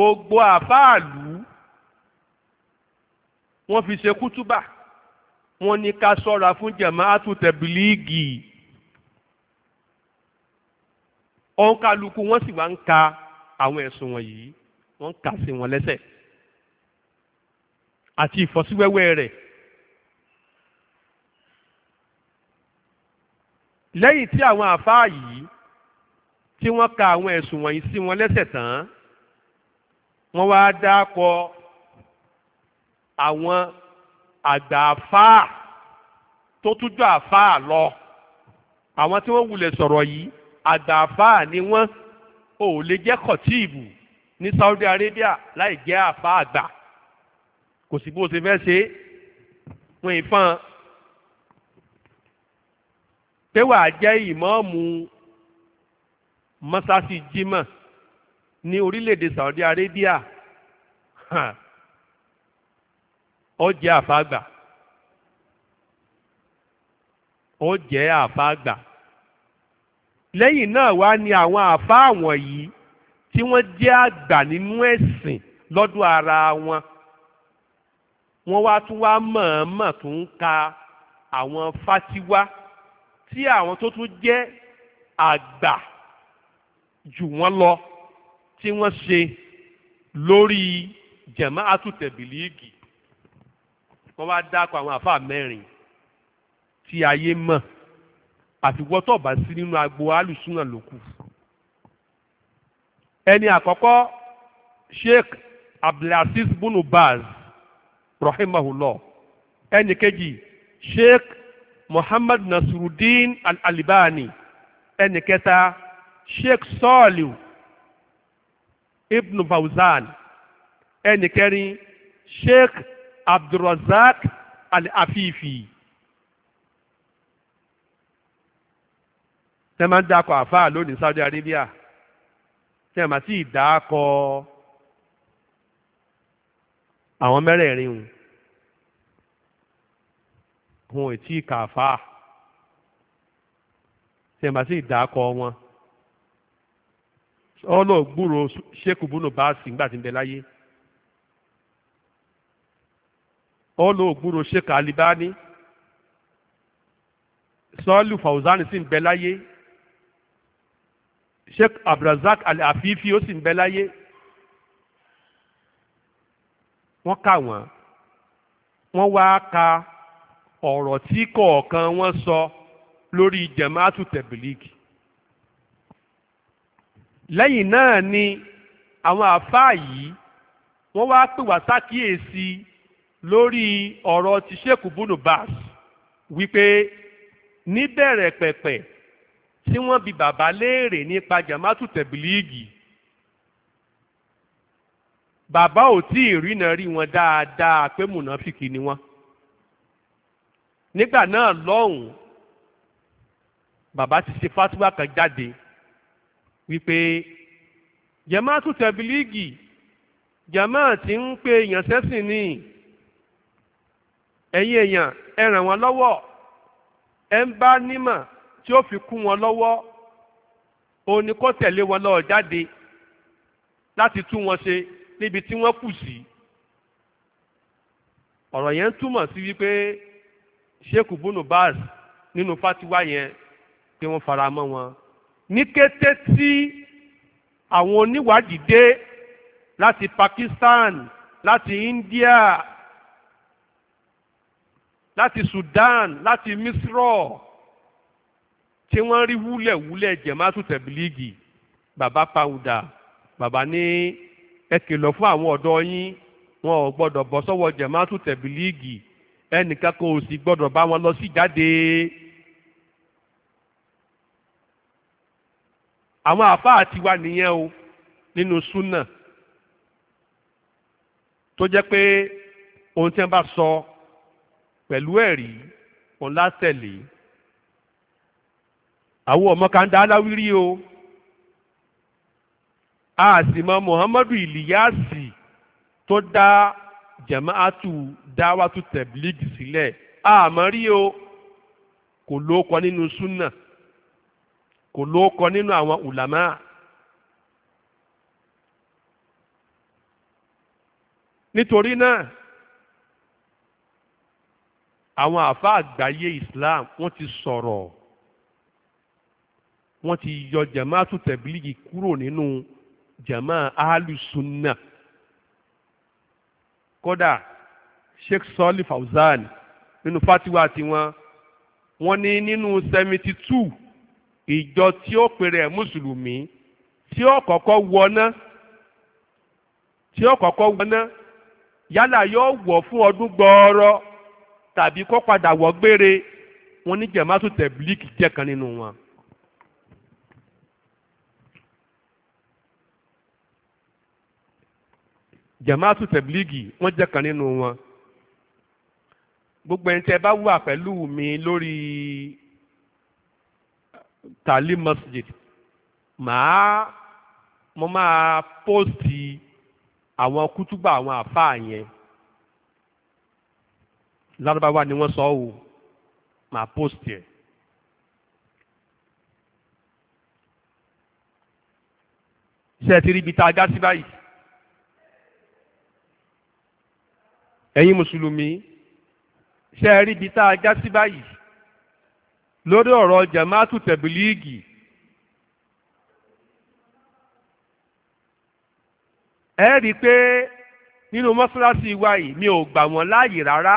gbogbo àfáàlú wọ́n fi ṣe kútúbà wọ́n ní ká ṣọ́ra fún jẹ̀máàtù tẹ̀bílíìgì òǹkàlùkù wọ́n sì wá ń ka àwọn ẹ̀sùn wọ̀nyí wọ́n ń kà sí wọn lẹ́sẹ̀ àti ìfọ́síwẹ́wẹ́ rẹ̀ lẹ́yìn tí àwọn àfáà yìí tí wọ́n ka àwọn ẹ̀sùn wọ̀nyí sí wọn lẹ́sẹ̀ tán wọ́n wá dákọ àwọn àgbà àfáà tó tújú àfáà lọ àwọn tí wọ́n wulẹ̀ sọ̀rọ̀ yìí àgbà àfáà ni wọ́n ò lè jẹ́ kọ̀tíìbù ní Saudi Arabia láì jẹ́ àfáà àgbà kò sí bó ṣe fẹ́ ṣe wọn ìfọn pé wàá jẹ́ ìmọ̀ọ́mù mọ́sáàsì jimoh ní orílẹ̀-èdè Saudi Arabia ó jẹ́ àfáàgbà ó jẹ́ àfáàgbà lẹ́yìn náà wá ní àwọn àfáà wọ̀nyí tí wọ́n jẹ́ àgbà nínú ẹ̀sìn lọ́dọ̀ ara wọn wọ́n wá tún wá mọ̀ọ́mọ̀ tó ń ka àwọn fásiwá tí àwọn tó tún jẹ́ àgbà jù wọ́n lọ tí wọ́n ṣe lórí jẹ̀máàtù tẹ̀bìlìgì wọ́n wá dákọ̀ àwọn àfa mẹ́rin tí ayé mọ̀ àfiwọ́ tó bá sí nínú agbo alùsùnà lòkù ẹni àkọ́kọ́ Sheikh Abdulaziz bunu Baz rahimahullah ẹni kejì Sheikh Muhammad Nasruddin Al-Albani ẹni kẹta Sheikh Sọ́ọ̀lù ibn Fawzan ẹnì kẹrin sheikh abdulrazak al-afifi tẹ máa ń dákọ àfáà lónìí Saudi Arabia tẹ máa sì dákọ àwọn mẹ́rẹ̀ẹ̀rin hùn hùn ètí kàfáà tẹ máa sì dákọ wọn ọlọ gbúrò sheku bunu baasi ńgbà tí ń bẹ láyé ọlọ gbúrò sheku alibani sọọlù fawzani sì ń bẹ láyé sheku abdulrasaq alafifi ó sì ń bẹ láyé wọ́n kà wọ́n wọ́n wá ka ọ̀rọ̀ tí kọ̀ọ̀kan wọ́n sọ lórí jẹ̀mátù tẹ̀bílíìkì lẹ́yìn náà ni àwọn àáfàá yìí wọ́n wá pè wá sákìyèsí lórí ọ̀rọ̀ ti sheikh bunu bas wípé níbẹ̀rẹ̀ pẹ̀pẹ̀ tí wọ́n bi bàbá léèrè nípa jama'atu tẹ̀bílíìgì bàbá ò tí ì rí náà rí wọn dáadáa pé mùnàfíkì ni wọ́n nígbà náà lọ́hùn bàbá ti ṣe fásiwá kan jáde wípé jamaatu tabiligi jamaa ti ń pe èèyàn sẹ́sìn ni ẹ̀yin èèyàn ẹ ràn wọ́n lọ́wọ́ ẹ ń bá nímọ̀ tí ó fi kún wọn lọ́wọ́ òun ni kó tẹ̀lé wọn lọ́ọ́ jáde láti tún wọn ṣe níbi tí wọ́n kù sí ọ̀rọ̀ yẹn ń túmọ̀ sí wípé sheikh bunu baz nínú fatiwa yẹn pé wọ́n fara mọ́ wọn ní kété tí àwọn oníwádìí dé láti Pakistan láti India láti Sudan láti Misro tí wọ́n rí wúlẹ̀wúlẹ̀ jẹ̀mátù tẹ̀bílíìgì bàbá pàwùdà bàbá ní ẹ kìlọ̀ fún àwọn ọ̀dọ́ yín wọn ò gbọ́dọ̀ bọ́ sọ́wọ́ jẹ̀mátù tẹ̀bílíìgì ẹnìkan kò sì gbọ́dọ̀ bá wọn lọ sí jáde. Si àwọn àfáà ti wà nìyẹn o nínú súnà tó jẹ́ pé ohun tí wọ́n bá sọ pẹ̀lú ẹ̀rí òun látẹ̀lé àwọn ọmọ kan dá aláwírí o a sì mọ Muhammadu Iliyasi tó dá jamaatu dáwàtú tẹ̀blígì sílẹ̀ àmọ́ rí o kò lóko nínú súnà kò lóókọ nínú àwọn ulama nítorí náà àwọn àfa àgbáyé Islam wọ́n ti sọ̀rọ̀ wọ́n ti yọ jamaatu tẹ̀bílígì kúrò nínú jama alusunna kódà Sheikh Sọ́lì Fauzan nínú fatiwa tiwọn wọ́n ni nínú seventy two ìjọ tí ó pèrè mùsùlùmí tí ó kọ́kọ́ wọná tí ó kọ́kọ́ wọná yálà yóò wọ̀ fún ọdún gbọ́ọ́rọ́ tàbí kó padà wọ̀ gbére wọn ní jẹ̀mátù tẹ̀blíkì jẹ́ kan nínú wọn. jẹ̀mátù tẹ̀blíkì wọ́n jẹ́ kan nínú wọn. gbogbo ẹni tẹ́ bá wà pẹ̀lú mi lórí tali masjid màá mo máa póòsì àwọn kútúbà àwọn àfáà yẹn lárúbáwá ni wọ́n sọ ọ́ màá póòsì ẹ̀. ṣe ti rí ibi tá a gá sí báyìí. ẹ̀yin mùsùlùmí ṣe rí tá a gá sí báyìí lórí ọ̀rọ̀ jamaatu tẹ̀bílíìgì ẹ rí i pé nínú mọ́ṣáláṣí wa yìí mi ò gbà wọ́n láàyè rárá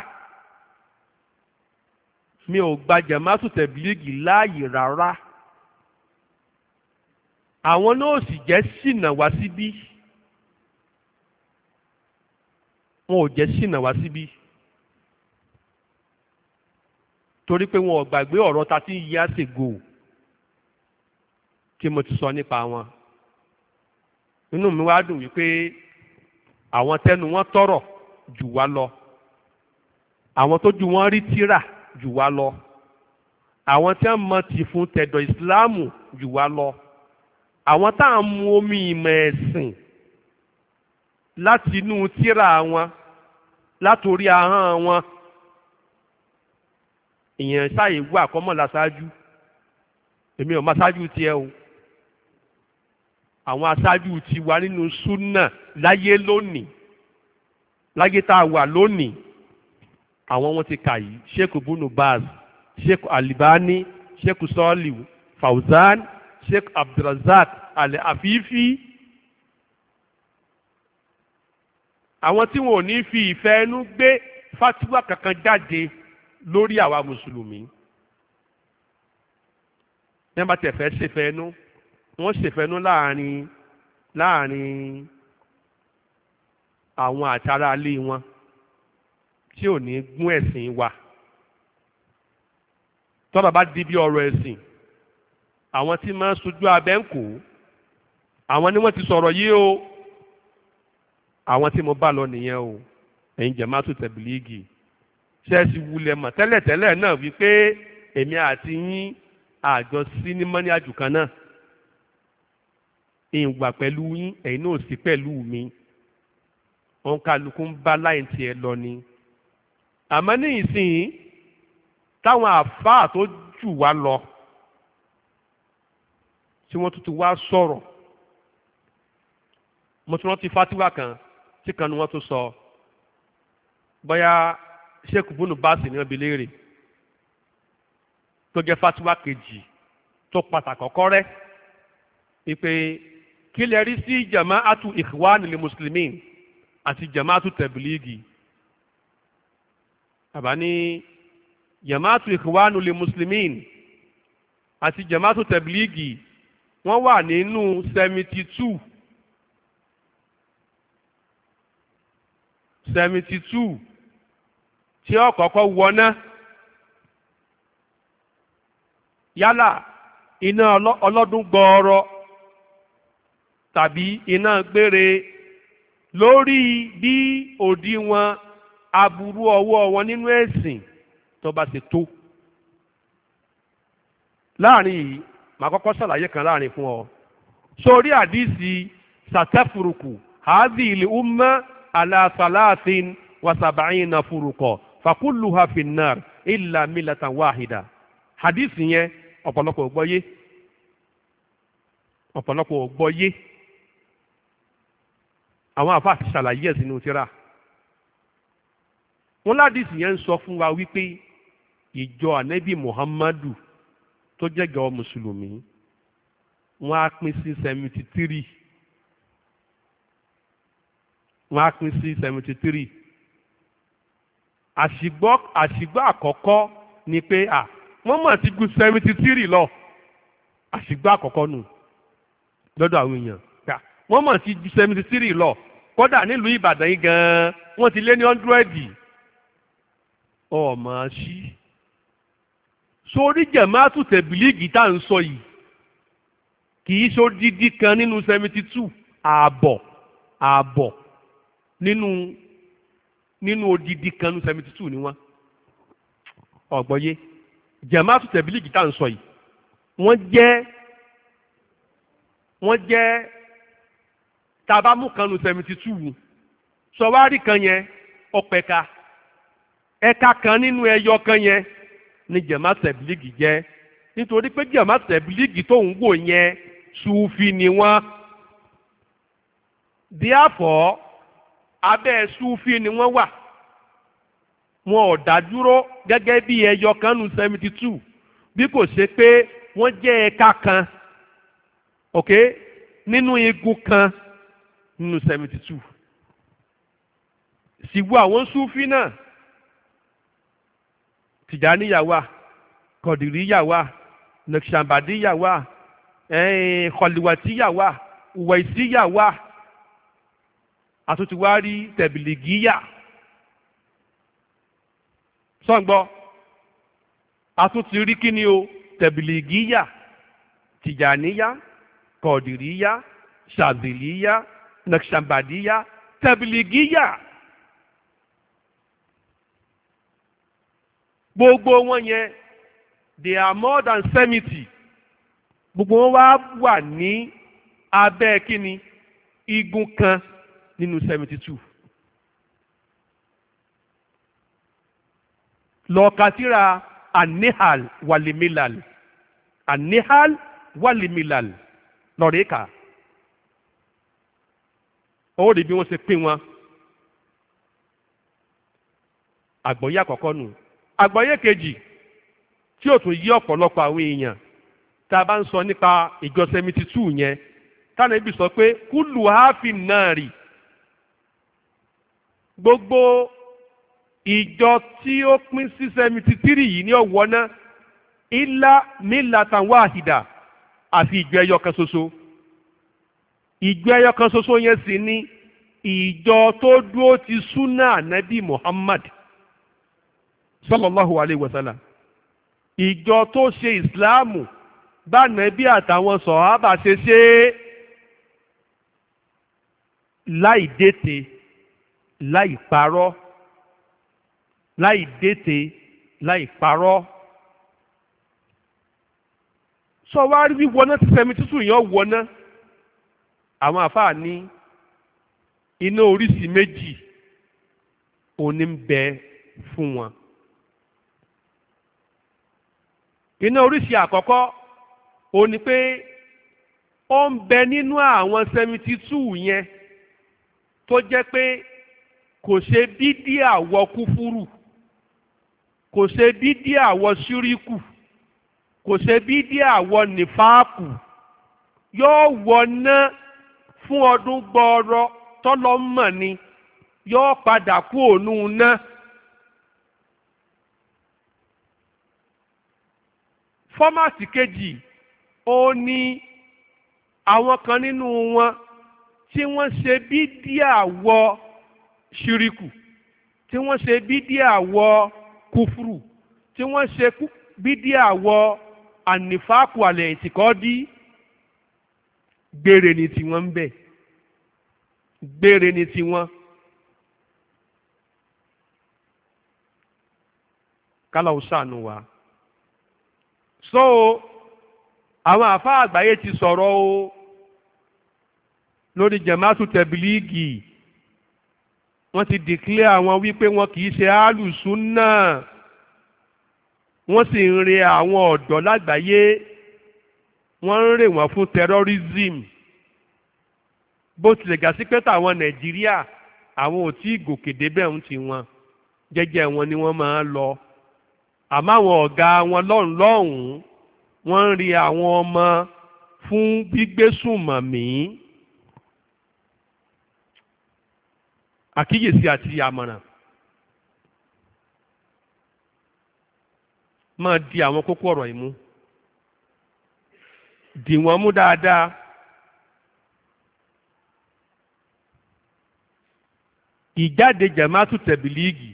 mi ò gba jamaatu tẹ̀bílíìgì láàyè rárá àwọn náà sì jẹ́ ṣìnà wá síbí wọn ò jẹ́ ṣìnà wá síbí. Si torí pé wọn ò gbàgbé ọ̀rọ̀ thirteen years ago tí mo ti sọ nípa wọn inú mi wá dùn wípé àwọn tẹnu wọn tọrọ jù wá lọ àwọn tójú wọn rí tírà jù wá lọ àwọn tí wọn mọ tì fún tẹ̀dọ̀ ìsìláàmù jù wá lọ àwọn tá à ń mu omi ìmọ̀ ẹ̀sìn láti inú tírà wọn látòrí ahọ́n wọn ìyẹn sáyè wà kọ́mọ̀lá ṣáájú èmi ò má ṣáájú tiẹ̀ o àwọn aṣáájú ti wà nínú súnà láyé lónìí láyé tá a wà lónìí àwọn wọn ti kà yìí sheikh bunu baz sheikh alibani sheikh sọ́ọ̀lì fauzan sheikh abdulrazak alẹ́ afifi. àwọn tí wọn ò ní fi ìfẹ́ ẹnu gbé fatiwa kankan jáde lórí àwa mùsùlùmí nígbà tí ẹ fẹ́ ṣèfẹ́nú wọ́n ṣèfẹ́nú láàrin láàrin àwọn àtàrà ilé wọn tí ò ní gún ẹ̀sìn wa tọ́ba bá di bí ọ̀rọ̀ ẹ̀sìn àwọn tí máa ń sojú abẹ́ ń kó àwọn ni wọ́n ti sọ̀rọ̀ yìí o àwọn tí mo bá lọ nìyẹn o ẹ̀yin jẹ̀mátù tẹ̀bílíìgì ṣẹ́ẹ̀sì wulẹ̀ mọ̀ tẹ́lẹ̀tẹ́lẹ̀ náà wípé èmi àti yín àjọ sí ní mọ́níyàjù kan náà ìwà pẹ̀lú yín ẹ̀yin náà sì pẹ̀lú mi òun kálukú ń bá láì tiẹ̀ lọ ni àmọ́ ní ìsìn táwọn àfáà tó jù wá lọ tí wọ́n tún wá sọ̀rọ̀ mo tún rántí fátíwá kan tí kan ni wọ́n tún sọ bóyá sheikh bunu baasi ní ọbẹ̀ léèrè tó jẹ́ fatiwa kejì tó pàtàkì kọ́kọ́ rẹ́ wípé kí lè rí sí jama'atu ikhwan lil muslimin àti jama'atu tablighi àbá ní jama'atu ikhwan lil muslimin àti jama'atu tablighi wọ́n wà nínú seventy two seventy two tí ó kọ́kọ́ wọná yálà iná ọlọ́dún gbọọrọ tàbí iná gbére lórí bí òdiwọ̀n aburú ọwọ́ wọn nínú ẹ̀sìn tó bá ṣe tó láàrin yìí màá kọ́kọ́ ṣàlàyé kan láàrin fún ọ sórí àdìsí sàtẹ́fùrùkù hàádìí ilé umma aláṣàláṣin wàṣàbàáyìn náà fakulluha finnar illa millatan wahida hadith yẹn ọ̀pọ̀lọpọ̀ gbọ́yé ọ̀pọ̀lọpọ̀ gbọ́yé àwọn àfa àti ṣàlàyé ẹ̀ sínú tíra wọn ládìsí yẹn ń sọ fún wa wípé ìjọ ànábì muhammadu tó jẹ́gọ̀ mùsùlùmí wọ́n á pín sí seventy three wọ́n á pín sí seventy three àṣìgbọ́ àṣìgbọ́ àkọ́kọ́ ni pé à wọ́n mọ̀ ti ju seventy three lọ àṣìgbọ́ àkọ́kọ́ nù lọ́dọ̀ àwọn èèyàn gbà wọ́n mọ̀ ti ju seventy three lọ kódà nílùú Ìbàdàn yìí gan-an wọ́n ti lé ní hundredi ọmọ sí sórí jẹ̀mátù tẹ̀bílíìgì tá à ń sọ yìí kì í ṣó dídí kan nínú seventy two ààbọ̀ ààbọ̀ nínú nínú odidi kan ní seventy two ni wọ́n ọ̀gbọ́yé jẹ̀mátù tẹ̀bílìkì tá à sọ yìí wọ́n jẹ́ wọ́n jẹ́ tabamu kan ní seventy two sọwárì kan yẹn ọ̀pẹ̀ka ẹ̀ka kan nínú ẹyọ kan yẹn ni jẹ̀mátù tẹ̀bílìkì jẹ́ nítorí pé jẹ̀mátù tẹ̀bílìkì tó ń wò yẹn sùfì ni wọ́n díàfọ́ abẹ́ sufi ni wọ́n wà wọn ò dádúró gẹ́gẹ́ bí ẹyọ kan nù seventy two bí kò ṣe pé wọ́n jẹ́ ẹ̀ka kan ok nínú igun kan nínú seventy two sìgbọ́ àwọn sufi náà tìjàníyà wà kọ̀dìríyà wà nàkṣàmbàdíyà wà ẹ̀ẹ́n kọ̀lìwàtíyà wà ìwẹ̀síyà wà àtúntí wá rí tẹ̀bìlìgíyà sọ́ǹgbọ́ àtúntí rí kí ni o tẹ̀bìlìgíyà tìjàníyà kọ̀dìríyà ṣàzìlíyà nàkṣàmbàdíyà tẹ̀bìlìgíyà. gbogbo wọn yẹn they are more than seventy gbogbo wọn wá wà ní abẹ́ kínni igun kan nínú 72, two. lọ́ọ̀kátìrà anihal walimilal anihal walimilal lọ́ọ̀rẹ́ka ó rí bí wọ́n ṣe pín wọn àgbọ̀yé àkọ́kọ́ nù àgbọ̀yé kejì tí ó tún yí ọ̀pọ̀lọpọ̀ àwọn èèyàn tá a bá ń sọ nípa ìjọ seventy two yẹn tánàbí sọ pé kúlù háàfin náà rì gbogbo ìjọ tí ó pín sí seventy three yìí ní ọ̀wọ́ náà ilá mílatan wahida àfi ìjọ ẹyọ kan ṣoṣo ìjọ ẹyọ kan ṣoṣo yẹn sì ni ìjọ tó dúró ti súnà ànábì Muhammad sallallahu alayhi wasala sallam ìjọ tó ṣe ìsìláàmù bá nàbí àtàwọn sọ̀hábà ṣe ṣe láì láì parọ́ láì dètè láì parọ́ sọ wá rí wíwọná tí fẹmi tútù yẹn wọná àwọn àfáà ní iná oríṣi méjì òní ń bẹ fún wọn iná oríṣi àkọ́kọ́ òun ni pé ó ń bẹ nínú àwọn seventy two yẹn tó jẹ́ pé kò ṣe dídí àwọ kúfúrù kò ṣe dídí àwọ ṣíríkù kò ṣe dídí àwọ nìfáàkù yóò wọná fún ọdún gbọọrọ tọlọmọ ni yóò padà kú òun náà. fọ́màtì kejì ó ní àwọn kan nínú wọn tí wọ́n ṣe bídíà wọ ṣíríkù tí wọ́n ṣe bídíà wọ kúfúrù tí wọ́n ṣe bídíà wọ ànífàkù àlẹ̀ ìtìkọ́dí gbére ni tiwọn ń bẹ̀ gbére ni tiwọn. kálá ò sànù wa. so àwọn àfa àgbáyé ti sọ̀rọ̀ o lórí jamaatu tẹ̀bílíìgì wọ́n ti dìklẹ́ àwọn wípé wọn kì í ṣe alùsùn náà wọ́n sì ń re àwọn ọ̀dọ́ lágbàáyé wọ́n ń rè wọ́n fún terrorism bó tilẹ̀ gà sí pé tàwọn nàìjíríà àwọn ò tí ì gòkè débẹ̀ ń ti wọn jẹ́jẹ́ wọn ni wọ́n máa ń lọ àmọ́ àwọn ọ̀gá wọn lọ́hùn lọ́hùn wọ́n ń re àwọn ọmọ fún gbígbésùnmọ̀mí. àkíyèsí àti àmọ̀ràn máa di àwọn kókó ọ̀rọ̀ yìí mú dì wọ́n mú dáadáa ìjáde jamaatu tẹ̀bílíìgì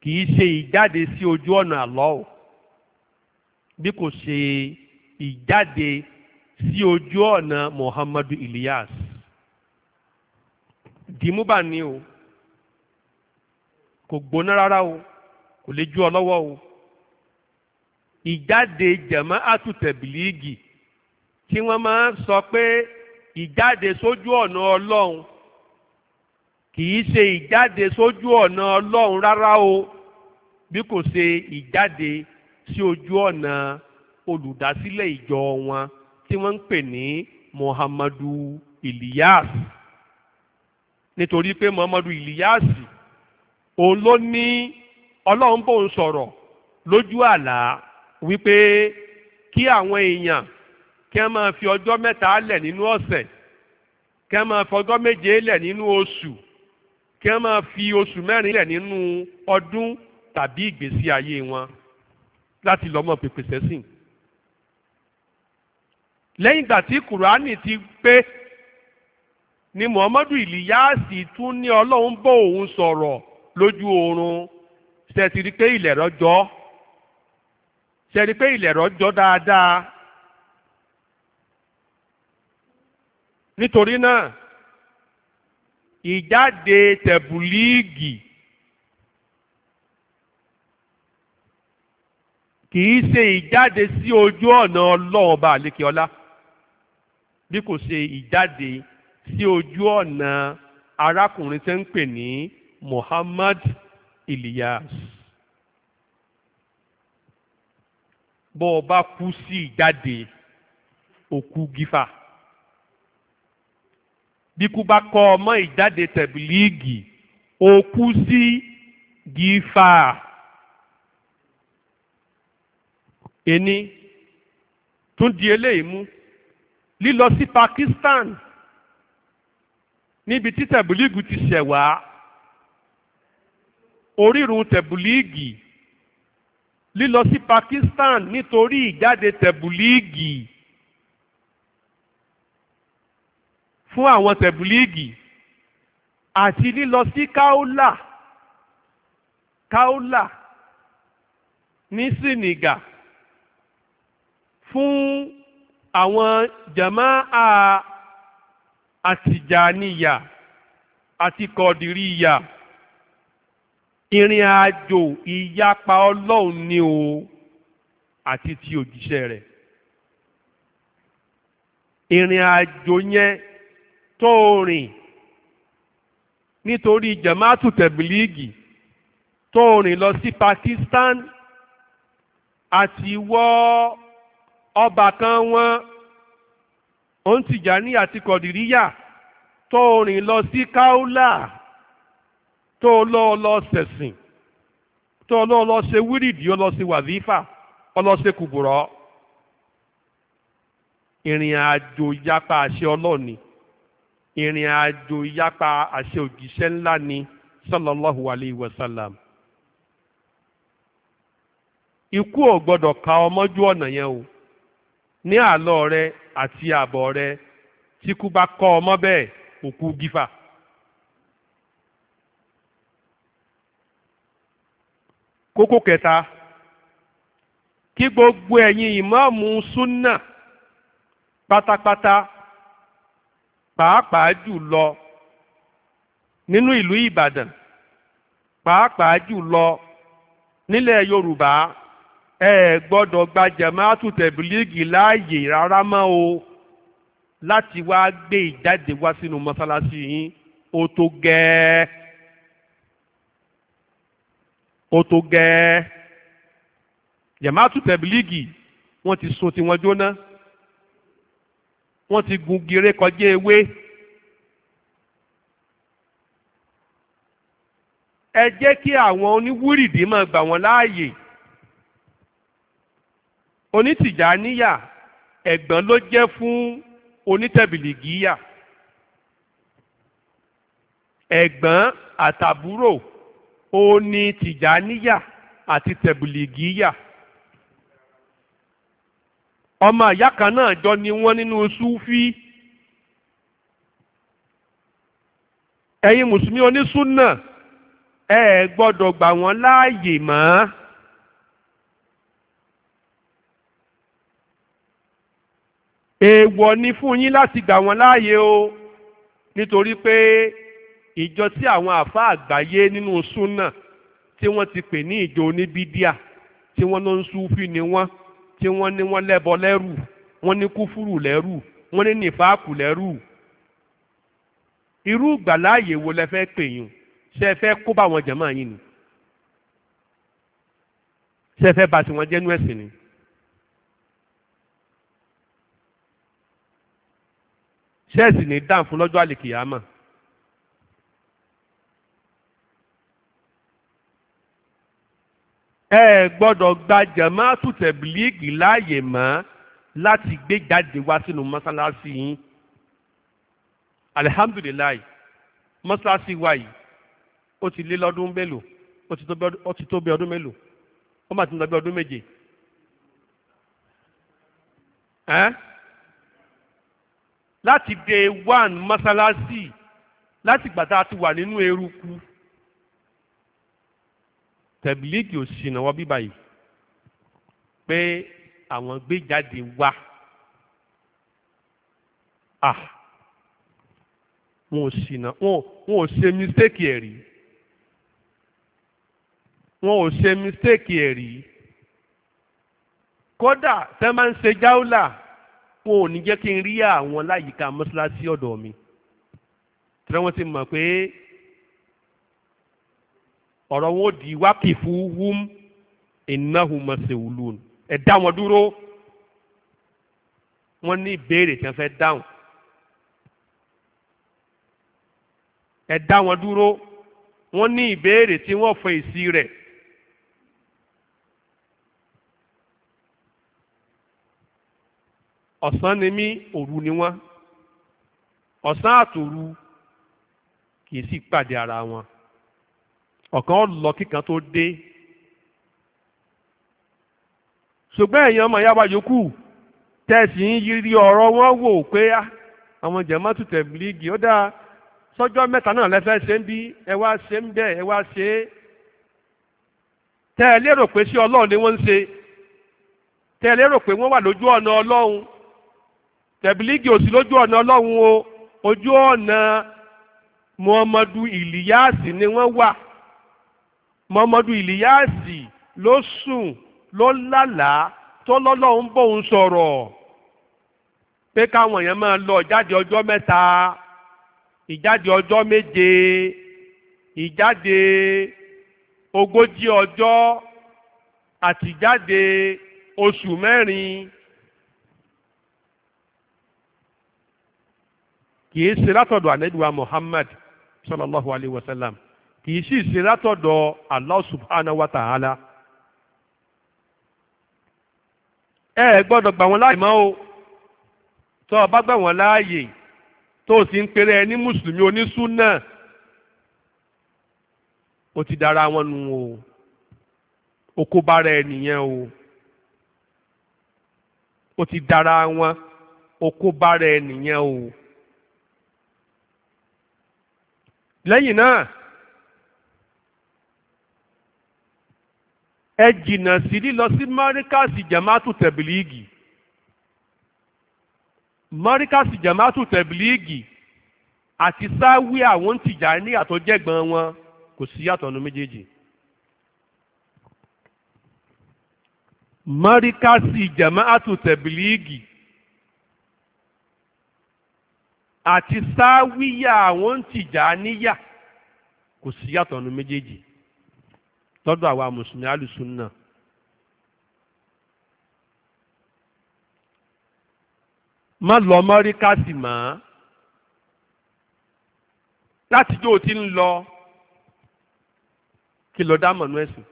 kì í ṣe ìjáde sí ojú ọ̀nà àlọ́ o bí kò ṣe ìjáde sí ojú ọ̀nà Muhammadu Ilyas dìímú bà ní o kò gbóná rárá o kò lè ju ọ lọ́wọ́ o ìjáde jẹ̀mọ́ àtútẹ̀bìlíìgì tí wọ́n máa ń sọ pé ìjáde sójú ọ̀nà ọlọ́run kì í ṣe ìjáde sójú ọ̀nà ọlọ́run rárá o bí kò ṣe ìjáde sí ojú ọ̀nà olùdásílẹ̀ ìjọ wọn tí wọ́n ń pè ní Muhammadu Ilyas nítorí pé muhammadu iliyasi òun ló ní ọlọ́run bò ń sọ̀rọ̀ lójú àlá wípé kí àwọn èèyàn kí wọ́n máa fi ọjọ́ mẹ́ta lẹ̀ nínú ọ̀sẹ̀ kí wọ́n máa fọjọ́ méje lẹ̀ nínú oṣù kí wọ́n máa fi oṣù mẹ́rin lẹ̀ nínú ọdún tàbí ìgbésí ayé wọn láti lọ́mọ pèpè sẹ́sìn. lẹ́yìn ìgbà tí kùránì ti pé ni muhammadu ìlíyàsì tún ní ọlọ́run bọ́ òun sọ̀rọ̀ lójú oorun ṣètìrí pé ilẹ̀ rọ́jọ́ ṣètìrí pé ilẹ̀ rọ́jọ́ dáadáa nítorí náà ìjáde tẹ̀bùlíìgì kìí ṣe ìjáde sí ojú ọ̀nà ọlọ́run ọba àlékè ọlá bí kò ṣe ìjáde sí ojú ọ̀nà arákùnrin tẹ́ ń pè ní Muhammad Ilyas. bọ́ ọ bá kú sí ìjáde òkú gífà bí kú bá kọ́ ọmọ ìjáde tẹ̀bílíìgì òkú sí gífà ẹni tún di eléyìí mú lílọ sí Pakistan níbi tí tẹ̀bùlíìgì ti ṣẹ̀ wá orírun tẹ̀bùlíìgì lílọ sí Pakistan nítorí ìjáde tẹ̀bùlíìgì fún àwọn tẹ̀bùlíìgì àti lílọ sí Kaula Kaula ní Senegal fún àwọn jàmáà àtìjàníyà àti kọ̀dìríyà ìrìn àjò ìyapa ọlọ́run ni o àti ti òjíṣẹ́ rẹ̀ ìrìn àjò yẹn tó rìn nítorí jamaatu tẹ̀bílíìgì tó rìn lọ sí Pakistan àti wọ́ ọba kan wọ́n. ó ń tìjà ní àti kọ̀dìríyà tó o rìn lọ sí káúlà tó o lọ lọ sẹ̀sìn tó o lọ lọ ṣe wíìrìdì ó lọ ṣe wàzífà ó lọ ṣe kùbùrọ̀ ìrìn àjò ìyapa àṣẹ ọlọ́ọ̀ni ìrìn àjò ìyapa àṣẹ òjíṣẹ́ ńlá ni sallallahu alayhi wa sallam ikú ò gbọdọ̀ ka ọmọjú ọ̀nà yẹn o. ní àlọ́ rẹ àti àbọ̀ rẹ tí kú bá kọ́ ọmọ bẹ́ẹ̀ òkú gífà. kókó kẹta kí gbogbo ẹ̀yin ìmáàmù súnà pátápátá pàápàá jù lọ nínú ìlú Ìbàdàn pàápàá jù lọ nílẹ̀ Yorùbá ẹ gbọ́dọ̀ gba jamaatu tẹ̀bílíìgì láàyè rárá mọ́ o láti wá gbé ìjáde wá sínú mọ́sálásí yín ó tó gẹ́ẹ́ ó tó gẹ́ẹ́ jamaatu tẹ̀bílíìgì wọ́n ti sun tiwọn jóná wọ́n ti gun gire kọjá ewé. ẹ jẹ́ kí àwọn oníwúrìdì máa gbà wọ́n láàyè onítìjàníyà ẹ̀gbọ́n ló jẹ́ fún onítẹ̀bìlìgíyà ẹ̀gbọ́n àtàbúrò onítìjàníyà àti tẹ̀bìlìgíyà ọmọ ìyá kan náà jọ ni wọ́n nínú súfí ẹ̀yin mùsùlùmí onísúnà ẹ gbọ́dọ̀ gbà wọ́n láàyè mọ́. èèwọ̀ ni fún yín láti gbà wọ́n láàyè o nítorí pé ìjọ tí àwọn àfáà àgbáyé nínú súnà tí wọ́n ti pè ní ìjọ oníbídíà tí wọ́n ló ń súfì ni wọ́n tí wọ́n ní wọ́n lẹ́bọ lẹ́rù wọ́n ní kúfúrù lẹ́rù wọ́n ní nìfáàkù lẹ́rù irú ìgbàláàyè wo lẹ fẹ́ pè yín ṣe fẹ́ kó bá wọn jẹ̀mọ́ yín ni ṣe fẹ́ bá tiwọn jẹ́nu ẹ̀sìn ni. ṣẹ́ẹ̀sì ní dàn fún lọ́jọ́ àlèkìyàmọ̀ ẹ gbọ́dọ̀ gba jamaatu tẹ̀bílíìgì láàyè mọ́ láti gbé jáde wá sínú mọ́sálásí yín alihamdulilayi mọ́sálásí wa yìí ó ti lé lọ́dún mélòó ó ti tó bí ọdún mélòó ó mà ti lọ bí ọdún méje ẹ́. Eh? láti day one mọ́sálásì láti gbàtà ti wà nínú eruku tẹ̀bílíìgì ò sì náwó bíbá yìí pé àwọn gbé jáde wá ah wọn ò sì ná wọn ò ṣe mistake ẹ̀ rí wọn ò ṣe mistake ẹ̀ rí kódà tẹ́ máa ń ṣe jáúlà wọn ò ní jẹ́ kí n rí àwọn láyìíká mọ́ṣáláṣí ọ̀dọ̀ mi tí wọ́n ti mọ̀ pé ọ̀rọ̀ wọn ò di wákìfù wúm ìnáhùnmọ̀sẹ̀wùlùn ẹ̀ dá wọn dúró wọ́n ní ìbéèrè tí wọ́n fẹ́ dáhùn ẹ̀ dá wọn dúró wọ́n ní ìbéèrè tí wọ́n fọ èsì rẹ̀. ọ̀sán ni mí òru ni wọ́n ọ̀sán àtòru kì í sì pàdé ara wọn ọ̀kan ó lọ kíkan tó dé ṣùgbọ́n ẹ̀yin ọmọ ìyá wa yòókù tẹ̀sí ń yiri ọ̀rọ̀ wọn wò pé ah, àwọn jẹ̀mọ́tù tẹ̀bílíìgì ó dáa sọ́jọ́ mẹ́ta náà lẹ́fẹ́ ṣe ń bí ẹ wá ṣe ń bẹ́ẹ̀ ẹ wá ṣe é tẹ́ ẹ lérò pé sí ọlọ́run ni wọ́n ń ṣe tẹ́ ẹ lérò pé wọ́n wà lójú ọ̀nà ọlọ́run tẹ̀bílígì òsì lójú ọ̀nà ọlọ́run o ojú ọ̀nà muhammadu ìlíyàsì ni wọ́n wà muhammadu ìlíyàsì ló sùn ló lálàá tó lọ́lọ́run bóun sọ̀rọ̀ pé káwọn èèyàn máa lọ ìjáde ọjọ́ mẹ́ta ìjáde ọjọ́ méje ìjáde ogójì ọjọ́ àtìjáde oṣù mẹ́rin kìí ṣe látọ̀dọ̀ ànẹ́dùwà Muhammad sallallahu alayhi wa sallam kìí sì ṣe látọ̀dọ̀ Allah subhanahu wa ta'ala. ẹ gbọ́dọ̀ gbà wọ́n láàyè mọ́ o tó o bá gbà wọ́n láàyè tó o sì ń pèrè ẹni mùsùlùmí onísùnà o ti dára wọn nù o o kó bára ẹnìyẹn o o ti dára wọn o kó bára ẹnìyẹn o. lẹ́yìn náà ẹ jìnnà sí lílọ sí mọ́ríkàsì jamaatu tẹ̀bìlìgì mọ́ríkàsì jamaatu tẹ̀bìlìgì àti sáwí àwọn tìjà ní àtọ́jẹ́gbọ́n wọn kò sí yàtọ̀ nu méjèèjì. mọ́ríkàsì jamaatu tẹ̀bìlìgì àti sáwíyà àwọn tìjà níyà kò sí yàtọ̀ nu méjèèjì tọ́dọ̀ àwa mùsùlùmí alùsùn náà. má lọ mọ́ríkàsì mọ́ láti jó o ti ń lọ kí lọ dámọ̀ nú ẹ̀sìn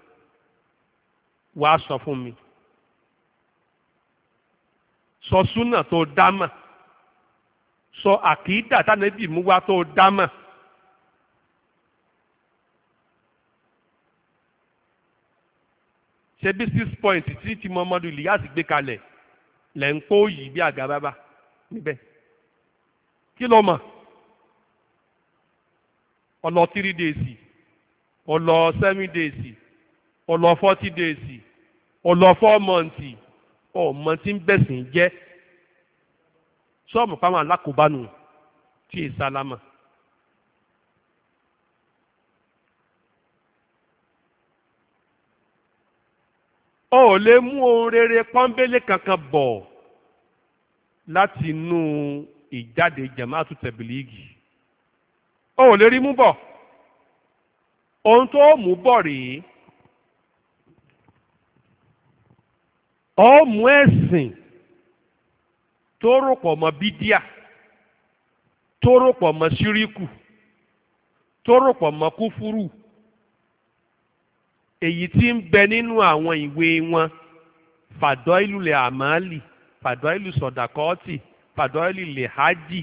wàá sọ fún mi sọ súnà tó dámọ̀ sọ àkìdá tánẹ́bì mú wá tó dámọ̀. ṣe bí six point tí ti Muhammadu Ilyas gbé kalẹ̀ lẹ̀ ń kó yìí bí àga bábà níbẹ̀ kí ló mọ̀ ọlọ three days ọlọ seven days ọlọ forty days ọlọ four months ọmọ tí ń bẹ̀sìn jẹ́ sọ́ọ̀mù fáwọn alákòóbánu tí ì sálámà. o ò lè mú ohun rere pọ́nbélé kankan bọ̀ láti inú ìjáde jamaatu tẹ̀bílíìgì o ò lè rí mú bọ̀ ohun tó mú bọ̀ rèé ọ mú ẹ̀sìn tó rò pọ̀ mọ́ bídíà tó rò pọ̀ mọ́ síríkù tó rò pọ̀ mọ́ kúfúrú èyí tí ń bẹ nínú àwọn ìwé wọn fàdọ́ lè àmàlì fàdọ́ sọ̀dàkọ́ọ̀tì fàdọ́ lè hájì.